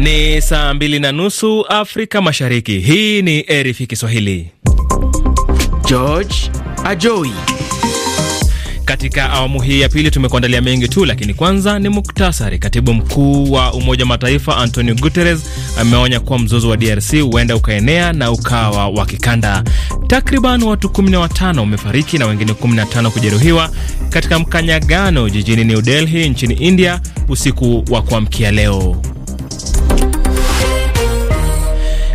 Ni saa mbili na nusu Afrika Mashariki. Hii ni RFI Kiswahili. George Ajoi. Katika awamu hii ya pili tumekuandalia mengi tu, lakini kwanza ni muktasari. Katibu mkuu wa Umoja wa Mataifa Antonio Guterres ameonya kuwa mzozo wa DRC huenda ukaenea na ukawa wa kikanda. Takriban watu 15 wamefariki na wengine 15 kujeruhiwa katika mkanyagano jijini New Delhi nchini India usiku wa kuamkia leo.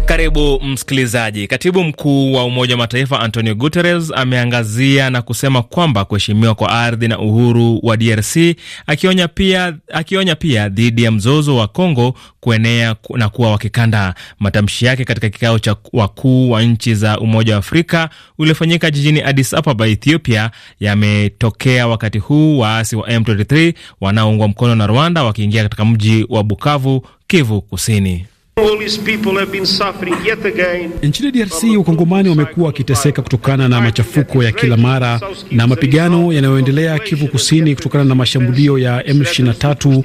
Karibu msikilizaji. Katibu mkuu wa Umoja wa Mataifa Antonio Guterres ameangazia na kusema kwamba kuheshimiwa kwa ardhi na uhuru wa DRC, akionya pia akionya pia dhidi ya mzozo wa congo kuenea na kuwa wa kikanda. Matamshi yake katika kikao cha wakuu wa nchi za Umoja wa Afrika uliofanyika jijini Addis Ababa, Ethiopia, yametokea wakati huu waasi wa M23 wanaoungwa mkono na Rwanda wakiingia katika mji wa Bukavu, Kivu Kusini. Nchini DRC Wakongomani wamekuwa wakiteseka kutokana na machafuko ya kila mara na mapigano yanayoendelea Kivu Kusini kutokana na mashambulio ya M23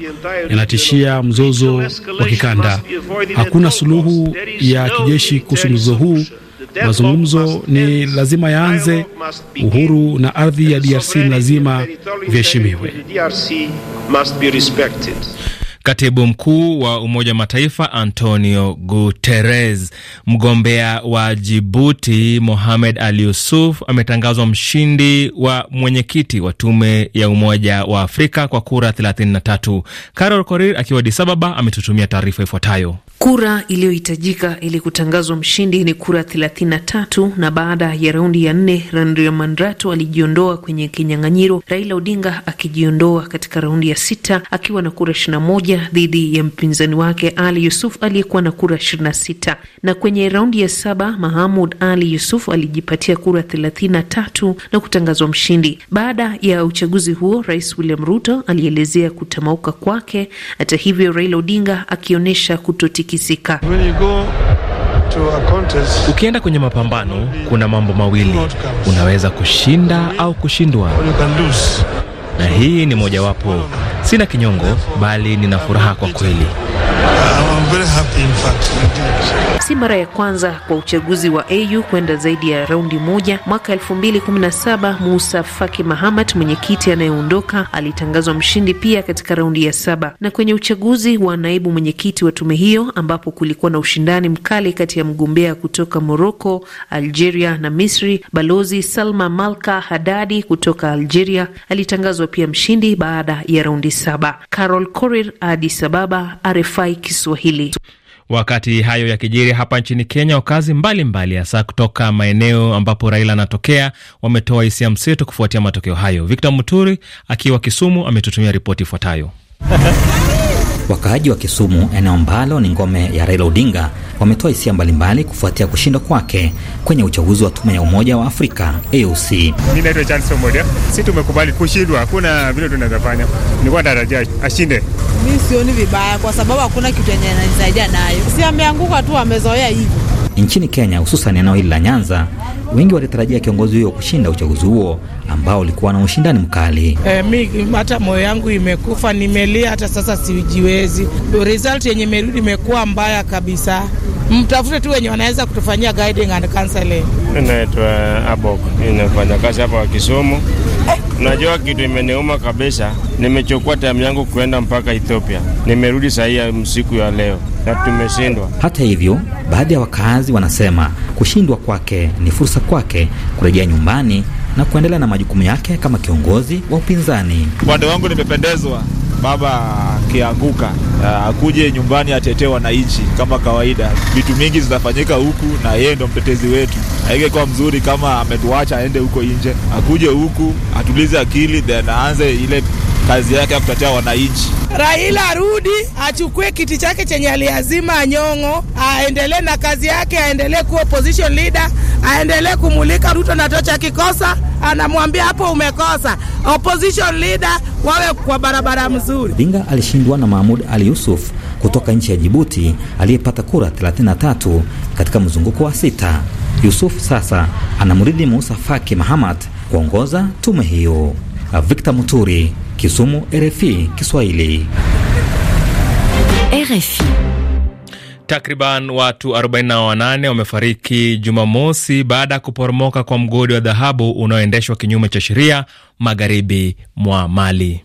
yanatishia mzozo wa kikanda. Hakuna suluhu ya kijeshi kuhusu mzozo huu. Mazungumzo ni lazima yaanze. Uhuru na ardhi ya DRC ni lazima viheshimiwe. Katibu mkuu wa Umoja wa Mataifa Antonio Guterres. Mgombea wa Jibuti Mohamed al Yusuf ametangazwa mshindi wa mwenyekiti wa Tume ya Umoja wa Afrika kwa kura 33. Carol Korir akiwa disababa Ababa ametutumia taarifa ifuatayo. Kura iliyohitajika ili kutangazwa mshindi ni kura 33 na baada ya raundi ya nne, Mandrato alijiondoa kwenye kinyang'anyiro, Raila Odinga akijiondoa katika raundi ya sita akiwa na kura 21 dhidi ya mpinzani wake Ali Yusuf aliyekuwa na kura 26. Na kwenye raundi ya saba, Mahamud Ali Yusuf alijipatia kura 33 na kutangazwa mshindi. Baada ya uchaguzi huo, Rais William Ruto alielezea kutamauka kwake. Hata hivyo, Raila Odinga akionyesha kutoti kutikisika. Ukienda kwenye mapambano, kuna mambo mawili, unaweza kushinda au kushindwa, na hii ni mojawapo. Sina kinyongo, bali nina furaha kwa kweli. Si mara ya kwanza kwa uchaguzi wa AU kwenda zaidi ya raundi moja. Mwaka 2017 Musa Faki Mahamat, mwenyekiti anayeondoka, alitangazwa mshindi pia katika raundi ya saba, na kwenye uchaguzi wa naibu mwenyekiti wa tume hiyo ambapo kulikuwa na ushindani mkali kati ya mgombea kutoka Moroko, Algeria na Misri, Balozi Salma Malka Hadadi kutoka Algeria alitangazwa pia mshindi baada ya raundi saba. Carol Korir, Addis Ababa, RFI Kiswahili hili. Wakati hayo yakijiri hapa nchini Kenya, wakazi mbalimbali hasa mbali kutoka maeneo ambapo Raila anatokea wametoa hisia mseto kufuatia matokeo hayo. Victor Muturi akiwa Kisumu ametutumia ripoti ifuatayo. Wakaaji wa Kisumu, eneo ambalo ni ngome ya Raila Odinga, wametoa hisia mbalimbali kufuatia kushindwa kwake kwenye uchaguzi wa tume ya Umoja wa Afrika AUC. Mimi naitwa Charles Omodia. Sisi tumekubali kushindwa, hakuna vile tunaweza fanya. Nilikuwa natarajia ashinde. Mimi sioni vibaya, kwa sababu hakuna kitu yenye ananisaidia nayo, si ameanguka tu, amezoea hivyo Nchini Kenya, hususan eneo hili la Nyanza, wengi walitarajia kiongozi huyo kushinda uchaguzi huo ambao ulikuwa na ushindani mkali. E, mi hata moyo yangu imekufa, nimelia hata sasa sijiwezi. Result yenye imerudi imekuwa mbaya kabisa. Mtafute tu wenye wanaweza kutufanyia guiding and counseling. Inaitwa Abok, inafanya kazi hapa Kisumu. Unajua kitu imeniuma kabisa, nimechukua time yangu kuenda mpaka Ethiopia, nimerudi sahii ya msiku ya leo na tumeshindwa. Hata hivyo, baadhi ya wakaazi wanasema kushindwa kwake ni fursa kwake kurejea nyumbani na kuendelea na majukumu yake kama kiongozi wa upinzani. Upande wangu nimependezwa baba akianguka uh, akuje nyumbani atetee wananchi kama kawaida. Vitu mingi zitafanyika huku na yeye ndo mtetezi wetu. Haingekuwa mzuri kama ametuacha aende huko nje, akuje huku atulize akili, then aanze ile kazi yake ya kutetea wananchi. Raila arudi achukue kiti chake chenye aliazima Anyong'o, aendelee na kazi yake, aendelee kuwa opposition leader, aendelee kumulika Ruto na tocha kikosa anamwambia hapo umekosa. Opposition leader wawe kwa barabara mzuri. Dinga alishindwa na Mahmud Ali Yusuf kutoka nchi ya Jibuti aliyepata kura 33 katika mzunguko wa sita. Yusuf sasa anamridhi Musa Faki Mahamat kuongoza tume hiyo. Victor Muturi, Kisumu, RFI Kiswahili. RFI. Takriban watu 48 wamefariki Jumamosi baada ya kuporomoka kwa mgodi wa dhahabu unaoendeshwa kinyume cha sheria magharibi mwa Mali.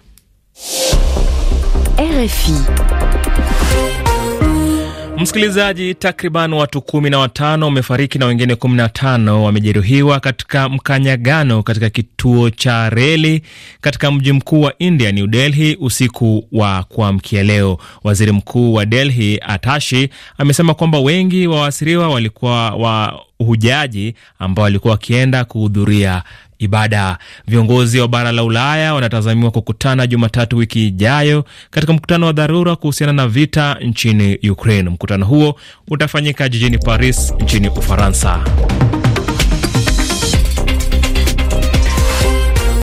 RFI. Msikilizaji, takriban watu kumi na watano wamefariki na wengine kumi na tano wamejeruhiwa katika mkanyagano katika kituo cha reli katika mji mkuu wa India, New Delhi, usiku wa kuamkia leo. Waziri Mkuu wa Delhi Atashi amesema kwamba wengi wa waasiriwa walikuwa wa uhujaji ambao walikuwa wakienda kuhudhuria ibada. Viongozi wa bara la Ulaya wanatazamiwa kukutana Jumatatu wiki ijayo katika mkutano wa dharura kuhusiana na vita nchini Ukraine. Mkutano huo utafanyika jijini Paris nchini Ufaransa.